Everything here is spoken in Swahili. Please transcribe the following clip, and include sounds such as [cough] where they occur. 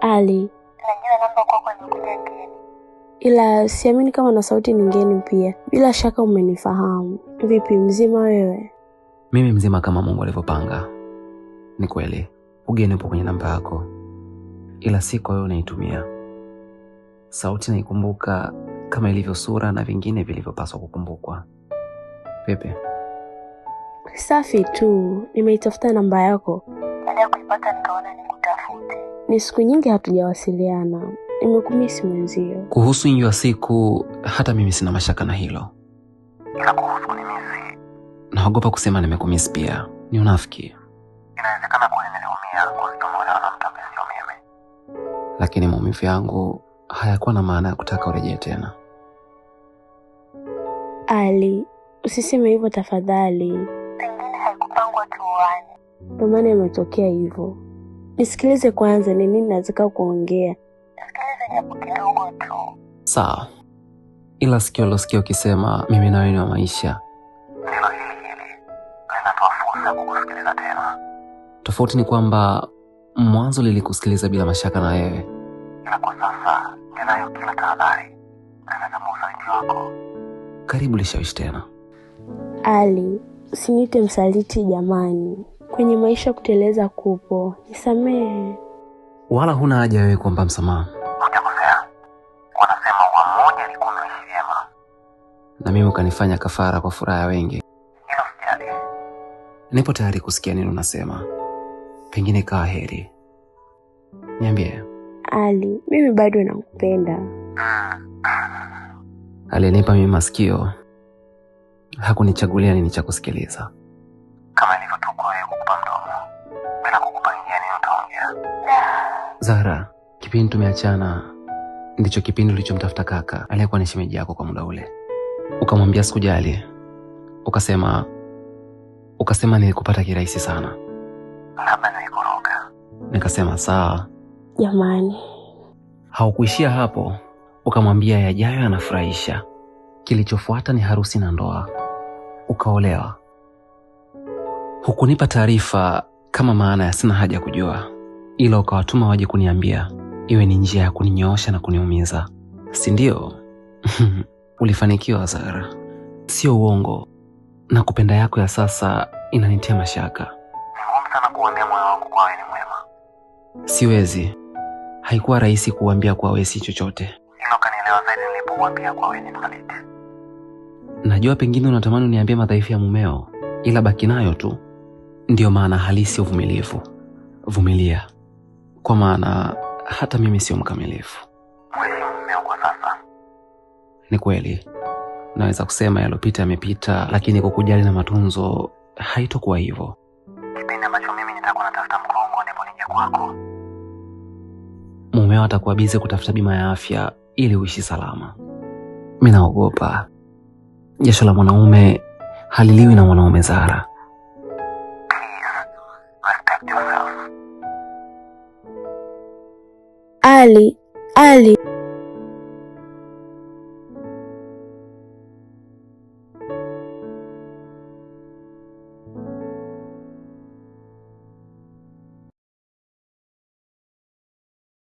Ali, najua namba ngeni, ila siamini kama na sauti ningeni ngeni pia. Bila shaka umenifahamu. Vipi, mzima wewe? Mimi mzima kama Mungu alivyopanga. Ni kweli ugeni upo kwenye namba yako, ila kwa wewe unaitumia. Sauti naikumbuka kama ilivyo sura na vingine vilivyopaswa kukumbukwa. Pepe, safi tu. Nimeitafuta namba yako baada ya kuipata nikaona ni ni siku nyingi hatujawasiliana, nimekumisi mwenzio. Kuhusu wa siku, hata mimi sina mashaka na hilo, ila kuhusu kunimisi, naogopa kusema nimekumisi pia, ni unafiki. Inawezekana kweli niliumia kwa kutoelewana na mtu ambaye sio mimi, lakini maumivu yangu hayakuwa na maana ya kutaka urejee tena. Ali, usiseme hivyo tafadhali, pengine haikupangwa tuane, ndio imetokea hivyo. Nisikilize kwanza, ni nini nataka kuongea. Nisikilize japo tu. Sawa, ila sikio losikia ukisema mimi na wewe wa maisha. Neno hili hili linatoa fursa ya kukusikiliza tena. Tofauti ni kwamba mwanzo lilikusikiliza bila mashaka na wewe, ila kwa sasa ninayo kila tahadhari usaliti wako. Karibu lishawishi tena. Ali, usiniite msaliti jamani kwenye maisha kuteleza kupo, nisamehe. Wala huna haja wewe kuomba msamaha, utakosea. Wanasema ua mmoja alikuwa ameishi vyema na mimi ukanifanya kafara kwa furaha ya wengi. Hilo sijali, nipo tayari kusikia nini unasema, pengine ikawa heri. Niambie Ali, mimi bado nakupenda. Alinipa mimi masikio, hakunichagulia nini cha kusikiliza. na kukupangia nini utaongea. Zahra, kipindi tumeachana ndicho kipindi ulichomtafuta kaka aliyekuwa ni shemeji yako kwa muda ule, ukamwambia sikujali, ukasema ukasema nilikupata kirahisi sana, labda nilikoroga. Nikasema sawa. Jamani, haukuishia hapo, ukamwambia yajayo yanafurahisha. Kilichofuata ni harusi na ndoa, ukaolewa. Hukunipa taarifa kama maana ya sina haja kujua, ila ukawatuma waje kuniambia, iwe ni njia ya kuninyoosha na kuniumiza, si ndio? [laughs] Ulifanikiwa Zara, sio uongo, na kupenda yako ya sasa inanitia mashaka. Vigumu sana kuambia moyo wangu kwa wewe ni mwema. Siwezi, haikuwa rahisi kuambia kwa wewe si chochote, ila ukanielewa zaidi nilipokuambia kwa wewe ni Najua pengine unatamani uniambie madhaifu ya mumeo, ila baki nayo tu. Ndiyo maana halisi ya uvumilivu, vumilia, kwa maana hata mimi sio mkamilifu. ni kwa sasa. Ni kweli naweza kusema yalopita yamepita, lakini kwa kujali na matunzo haitokuwa hivyo. Kipindi ambacho mimi nitakuwa natafuta mkongo, ndipo nije kwako. Mumeo atakuwa bize kutafuta bima ya afya ili uishi salama. Mi naogopa jasho la mwanaume haliliwi na mwanaume Zara. Ali, Ali